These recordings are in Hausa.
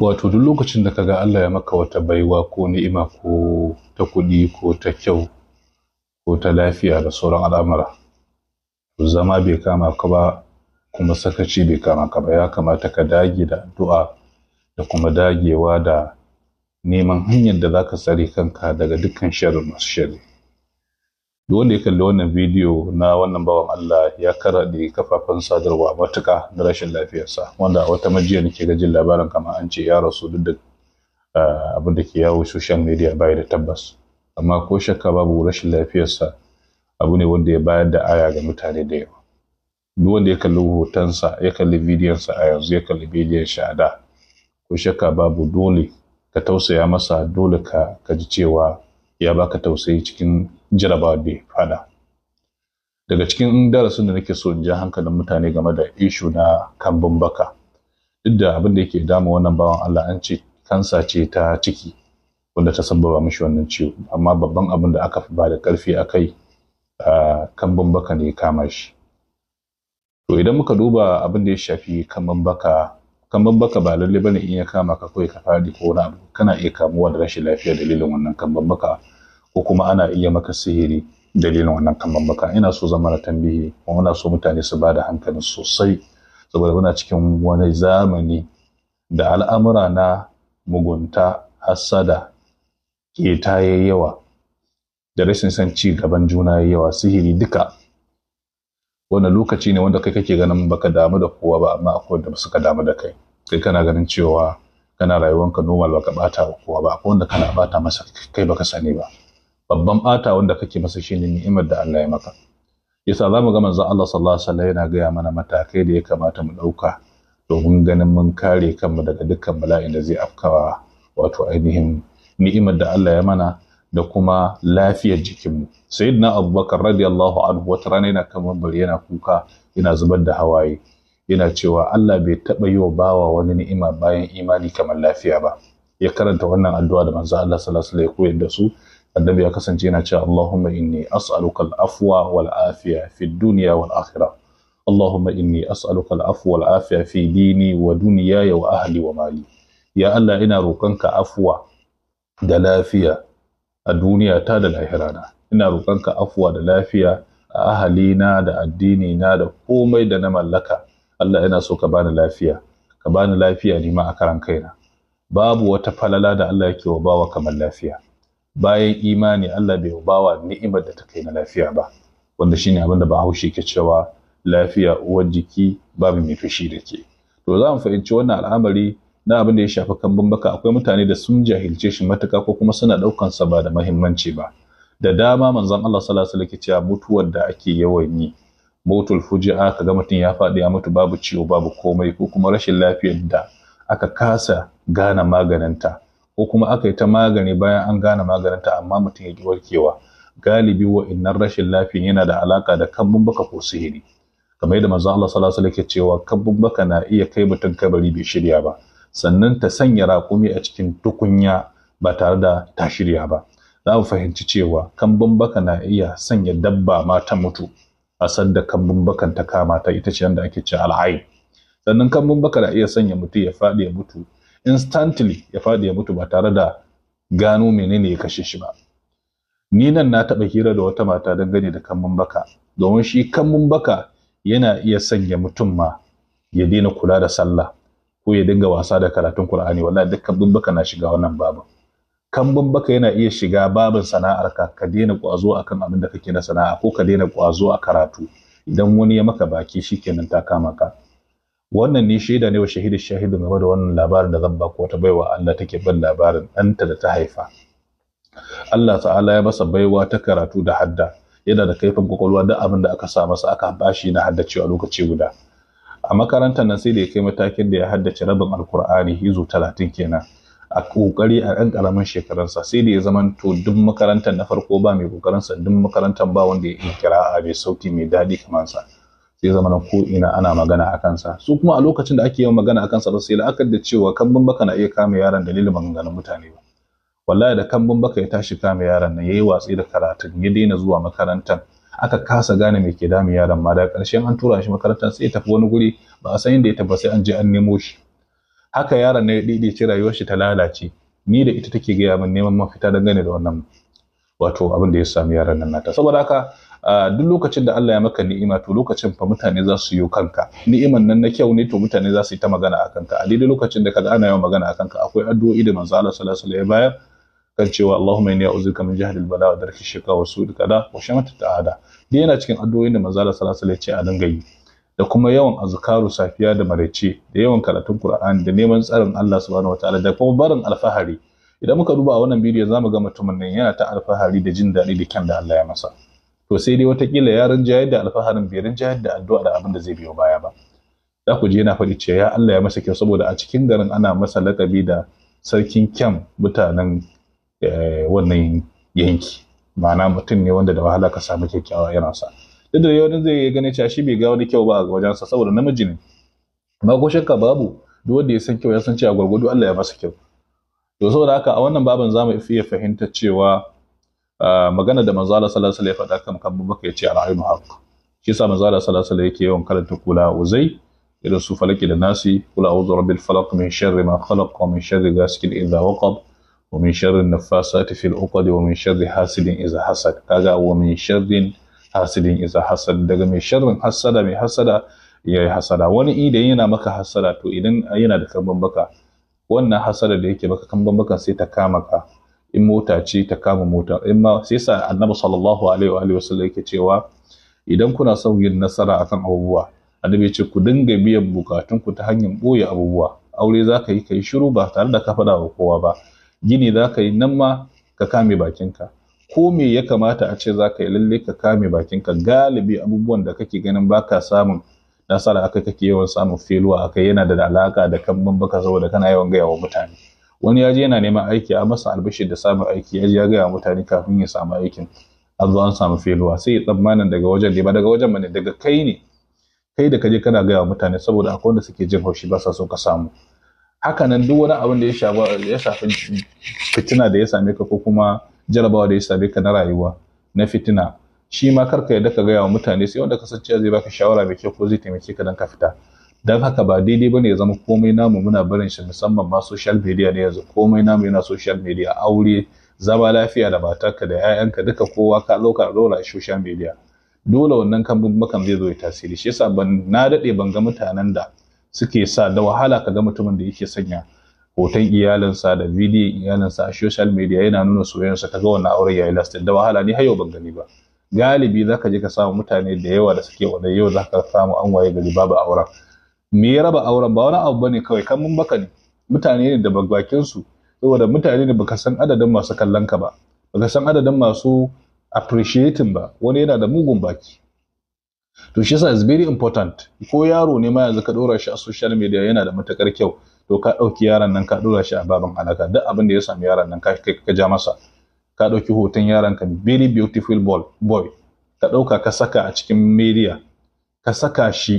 wato duk lokacin da kaga Allah ya maka wata baiwa ko ni'ima ko ta kuɗi ko ta kyau ko ta lafiya da sauran al'amura zama bai kama ka ba kuma sakaci bai kama ka ba ya kamata ka dage da addu'a da kuma dagewa da neman hanyar da za ka tsare kanka daga dukkan sharri masu sharri duk wanda ya kalli wannan bidiyo na wannan bawan Allah ya karade kafafen sadarwa matuka na rashin lafiyarsa wanda a wata majiya nake ga jin labarin kamar an ce ya rasu duk da abin da ke yawo social media bai da tabbas amma ko shakka babu rashin lafiyarsa abu ne wanda ya bayar da aya ga mutane da yawa duk wanda ya kalli hotonsa ya kalli bidiyonsa a yanzu ya kalli bidiyon shi a da ko shakka babu dole ka tausaya masa dole ka ji cewa ya baka tausayi cikin jarabawa bai faɗa fada daga cikin darasin da nake so in ja hankalin mutane game da ishu na kambun baka duk da abin da yake damu wannan bawan Allah an ce kansa ce ta ciki wanda ta sababa mishi wannan ciwo amma babban abin da aka ba da karfi a kai kambun baka ne kama shi to idan muka duba abin da ya shafi kambun baka kambun baka ba lalle bane in ya kama ka kawai ka fadi ko wani abu kana iya kamuwa da rashin lafiya dalilin wannan kambun baka ko kuma ana iya maka sihiri dalilin wannan kamar baka ina so zama na tambihi kuma muna so mutane su ba da hankali sosai saboda muna cikin wani zamani da al'amura na mugunta hassada ke yawa da rashin san ci gaban juna yawa sihiri duka Wani lokaci ne wanda kai kake ganin baka damu da kowa ba amma akwai wanda suka damu da kai kai kana ganin cewa kana rayuwanka normal baka bata wa kowa ba akwai wanda kana bata masa kai baka sani ba babban bata wanda kake masa shi ne ni'imar da Allah ya maka yasa zamu ga manzon Allah sallallahu alaihi wasallam yana gaya mana matakai da ya kamata mu ɗauka domin ganin mun kare kanmu daga dukkan bala'in da zai afkawa wato ainihin ni'imar da Allah ya mana da kuma lafiyar jikinmu sayyidina abubakar radiyallahu anhu wata rana yana kan bari yana kuka yana zubar da hawaye yana cewa Allah bai taɓa yi wa bawa wani ni'ima bayan imani kamar lafiya ba ya karanta wannan addu'a da manzo Allah sallallahu alaihi wasallam ya koyar da su annabi ya kasance yana cewa Allahumma inni as'aluka al-afwa wal afiya fi dunya wal akhirah Allahumma inni as'aluka al-afwa wal afiya fi dini wa dunyaya wa ahli wa mali ya Allah ina roƙonka afwa da lafiya a duniya ta da lahirana ina roƙonka afwa da lafiya a ahalina da addini na da komai da na mallaka Allah ina so ka bani lafiya ka bani lafiya ni ma a karan kaina babu wata falala da Allah yake wa bawa kamar lafiya bayan imani Allah bai bawa ni'imar da ta kai na lafiya ba wanda shine abin da Bahaushe ke cewa lafiya uwar jiki babu mai fushi da ke to za mu fahimci wannan al'amari na abin da ya shafi kambun baka akwai mutane da sun jahilce shi matuka ko kuma suna ɗaukan sa ba da mahimmanci ba da dama manzon Allah sallallahu alaihi wasallam cewa mutuwar da ake yawan yi motul fuji'a kaga mutum ya faɗi ya mutu babu ciwo babu komai ko kuma rashin lafiyar da aka kasa gane maganinta ko kuma aka yi ta magani bayan an gane maganinta amma mutum ya ji warkewa galibi wa wa'innan rashin lafiya yana da alaka da kambun baka ko sihiri kamar yadda manzo Allah sallallahu alaihi wasallam cewa kambun baka na iya kai mutum kabari bai shirya ba sannan ta sanya raƙumi a cikin tukunya ba tare da ta shirya ba za mu fahimci cewa kambun baka na iya sanya dabba ma ta mutu a sanda kambun bakan ta kama ta ita ce da ake ce al'ain sannan kambun baka na iya sanya mutum ya faɗi ya mutu instantly ya faɗi ya mutu ba tare da gano menene ya kashe shi ba ni nan na taɓa hira da wata mata dangane da kan baka domin shi kan baka yana iya sanya mutum ma ya daina kula da sallah ko ya dinga wasa da karatun Qur'ani wallahi duk kambun baka na shiga wannan babin kambun baka yana iya shiga babin sana'arka ka daina kwazo akan abin da kake na sana'a ko ka daina kwazo a karatu idan wani ya maka baki shikenan ta kama ka wannan ne shaida ne wa shahidi shahidin game da wannan labarin da zan baku wata baiwa Allah take ban labarin ɗanta da ta haifa Allah ta'ala ya masa baiwa ta karatu da hadda yana da kaifin kwakwalwa da abin da aka sa masa aka bashi na haddacewa cewa lokaci guda a makarantar nan sai da ya kai matakin da ya haddace rabin alkur'ani hizo talatin kenan a kokari a ɗan ƙaramin shekarunsa sai da ya zama to duk makarantar na farko ba mai kokarinsa duk makarantar ba wanda ya iya kira'a mai sauti mai daɗi kamar sa zai zama na ko'ina ana magana a kansa su kuma a lokacin da ake yin magana a kansa ba sai la'akar da cewa kambun baka na iya kame yaron dalilin maganganun mutane ba wallahi da kambun baka ya tashi kame yaron nan yayi watsi da karatun ya daina zuwa makarantar aka kasa gane me ke dami yaron ma da ƙarshen an tura shi makarantar sai ya tafi wani guri ba a san inda ya tafi sai an je an nemo shi haka yaron ne ya daidaice rayuwar shi ta lalace ni da ita take gaya min neman mafita dangane da wannan wato abin da ya sami yaron nan nata saboda haka Ah, duk lokacin da Allah ya maka ni'ima to lokacin fa mutane za su yi kanka ni'iman nan na kyau ne to mutane za su yi ta magana a kanka a daidai lokacin da kaga ana yawan magana a kanka akwai addu'o'i da manzo Allah sallallahu alaihi wasallam ya bayar kan cewa Allahumma inni a'udhuka min jahli al-bala wa darki shiqa wa su'i kada wa ta'ada dai yana cikin addu'o'in da manzo Allah sallallahu alaihi wasallam ya ce a dinga yi da kuma yawan azkaru safiya da maraice da yawan karatun Qur'ani da neman tsarin Allah subhanahu wataala da kuma barin alfahari idan muka duba a wannan bidiyo zamu ga mutumin nan yana ta alfahari da jin daɗi da kyan da Allah ya masa to sai dai watakila yaran jayar da alfaharin bai jayar da addu'a da abin da zai biyo baya ba za ku je yana faɗi cewa ya Allah ya masa kyau saboda a cikin garin ana masa lakabi da sarkin kyan mutanen eh, wannan yanki ma'ana mutum ne wanda da wahala ka samu kyakkyawa yana sa duk da yawan zai yi gane cewa shi bai ga wani kyau ba a wajensa saboda namiji ne ba ko shakka babu duk wanda ya san kyau ya san cewa gwargwado Allah ya masa kyau to saboda haka a wannan baban zamu mu iya fahimtar cewa Ah, magana da manzo Allah sallallahu alaihi wasallam ya faɗa kan kan baka yace al-aynu haqq shi yasa manzo Allah sallallahu alaihi wasallam yake yawan karanta kula uzai irin su falaki da nasi kula a'udhu rabbil falaq min sharri ma khalaq wa min sharri ghasikin idha waqab wa min sharri an fil 'uqad wa min sharri hasidin idha hasad kaga wa min sharrin hasidin idza hasad daga mai sharrin hasada mai hasada ya yi hasada wani idan yana maka hasada to idan yana da kamban baka wannan hasada da yake baka kamban baka sai ta kama ka in mota ce ta kama mota in ma sai sa annabi sallallahu alaihi wa sallam yake cewa idan kuna son yin nasara akan abubuwa annabi ya ce ku dinga biyan bukatun ku ta hanyar boye abubuwa aure za ka yi ka shiru ba tare da ka faɗa wa kowa ba gini za ka yi nan ma ka kame bakinka ko me ya kamata a ce zaka yi lalle ka kame bakinka galibi abubuwan da kake ganin baka samun nasara aka kake yawan samun feluwa akai yana da alaka da kan baka saboda kana yawan gaya wa mutane wani ya je yana neman aiki a masa albishir da samun aiki ya je ya gaya mutane kafin ya samu aikin an zuwa samu feluwa sai tsammanin daga wajen ne ba daga wajen bane daga kai ne kai da kaje kana gaya mutane saboda akwai wanda suke jin haushi ba sa so ka samu haka nan duk wani abin da ya shafi fitina da ya same ka ko kuma jarabawa da ya same ka na rayuwa na fitina shi ma karka yadda ka gaya wa mutane sai wanda kasance zai baka shawara mai kyau ko zai taimake ka dan ka fita don haka ba daidai bane ya zama komai namu muna barin shi musamman ma social media ne yanzu komai namu yana social media aure zama lafiya da matarka da 'ya'yanka duka kowa ka lokar ɗora social media dole wannan kan makan zai zo ya tasiri shi yasa ban na dade ban ga mutanen da suke sa da wahala ka ga mutumin da yake sanya hoton iyalinsa da bidiyon iyalinsa a social media yana nuna soyayyarsa kaga wannan auren yayi lasta da wahala ni har yau ban gani ba galibi zaka je ka samu mutane da yawa da suke wannan yau zaka samu an waye gari babu auren me ya raba auren ba wani abu bane kawai kan mun baka ne mutane ne da bakin su saboda mutane ne baka san adadin masu kallon ka ba baka san adadin masu appreciating ba wani yana da mugun baki to shi yasa is very important ko yaro ne ma yanzu ka dora shi a social media yana da matakar kyau to ka ɗauki yaron nan ka dora shi a baban alaka duk abin da ya samu yaran nan ka ka ja masa ka ɗauki hoton yaron ka very beautiful boy ka ɗauka ka saka a cikin media ka saka shi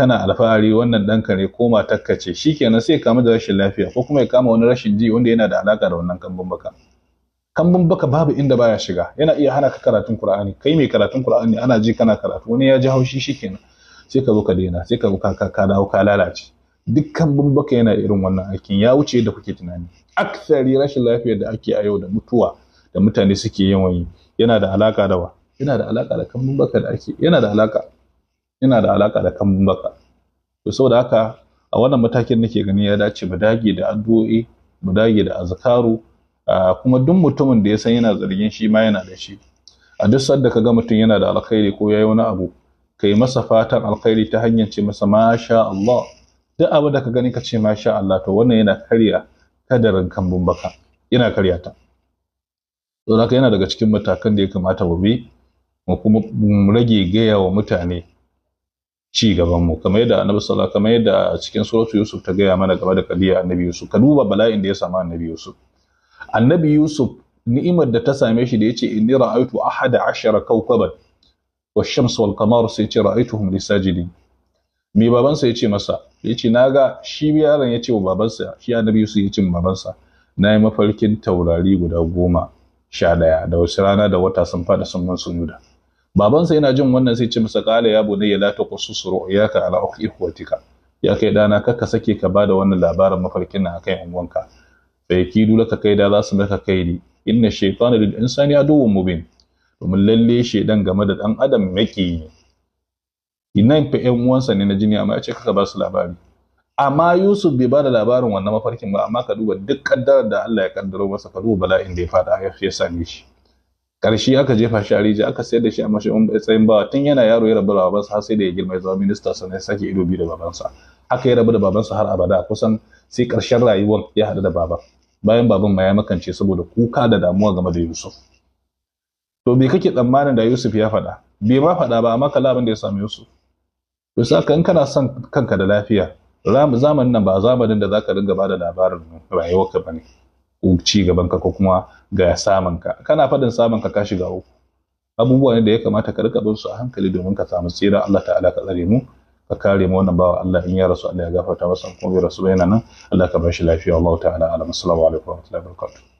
kana alfahari wannan ɗanka ne ko matarka ce shikenan sai kama da rashin lafiya ko kuma ya kama wani rashin ji wanda yana da alaka da wannan kambun baka kambun baka babu inda baya shiga yana iya hana ka karatun Qur'ani kai mai karatun Qur'ani ana ji kana karatu wani ya ji haushi shikenan sai ka zo ka daina sai ka zo ka ka dawo ka lalace dukkan baka yana irin wannan aikin ya wuce da kuke tunani aksari rashin lafiya da ake a yau da mutuwa da mutane suke yawan yi yana da alaka da wa yana da alaka da kambun baka da ake yana da alaka yana da alaka da kambun baka to saboda haka a wannan matakin nake gani ya dace mu dage da addu'o'i mu dage da azkaru kuma duk mutumin da ya san yana zargin shi ma yana da shi a duk sanda ka ga mutum yana da alkhairi ko yayi wani abu kai masa fatan alkhairi ta hanyar ce masa masha Allah duk abu da ka gani ka ce masha Allah to wannan yana karya kadarin kambun bumbaka yana karya ta don haka yana daga cikin matakan da ya kamata mu bi mu kuma rage gaya wa mutane ci gaban mu kamar yadda annabi sallallahu kamar yadda cikin suratu yusuf ta gaya mana game da kadiya annabi yusuf ka duba bala'in da ya samu annabi yusuf annabi yusuf ni'imar da ta same shi da yace inni ra'aytu ahada ashara kawkaban wash-shams wal-qamar sai yace ra'aytuhum lisajidin me babansa yace masa yace naga shi ya yace wa babansa shi annabi yusuf yace babansa nayi mafarkin taurari guda goma sha daya da wasu rana da wata sun fada sun mun sunuda babansa yana jin wannan sai ce masa qala ya bunayya la taqussus ru'yaka ala ikhwatika ya kai dana kakka sake ka bada wannan labarin mafarkin nan akan yan uwanka dole ka kai da, za su maka kaidi inna shaytana lil insani aduwwun mubin Mun lalle shedan game da dan adam yake yi nan fa yan uwansa ne na jini amma ya ce kaka ba su labari amma Yusuf bai bada labarin wannan mafarkin ba amma ka duba duk kaddarar da Allah ya kaddaro masa ka duba bala'in da ya fada ya same shi karshe aka jefa shi a rijiya aka sayar da shi a tsayin bawa tun yana yaro ya rabu da babansa har sai da ya girma ya zama minista sannan ya sake ido biyu da babansa haka ya rabu da babansa har abada kusan sai karshen rayuwar ya haɗu da baban bayan baban ma ya makance saboda kuka da damuwa game da Yusuf to me kake tsammanin da Yusuf ya faɗa bai ma faɗa ba amma kala abin da ya samu Yusuf to ka in kana son kanka da lafiya zamanin nan ba zamanin da zaka dinga bada labarin rayuwarka ne. ci gaban ka ko kuma ga samun ka kana faɗin samun ka ka shiga uku abubuwa ne da ya kamata ka rika bin su a hankali domin ka samu tsira Allah ta'ala ka tsare mu ka kare mu wannan bawa Allah in ya rasu Allah ya gafarta masa kuma ya rasu bayanan nan Allah ka bar shi lafiya Allah ta'ala alamu assalamu alaikum wa rahmatullahi wa barakatuh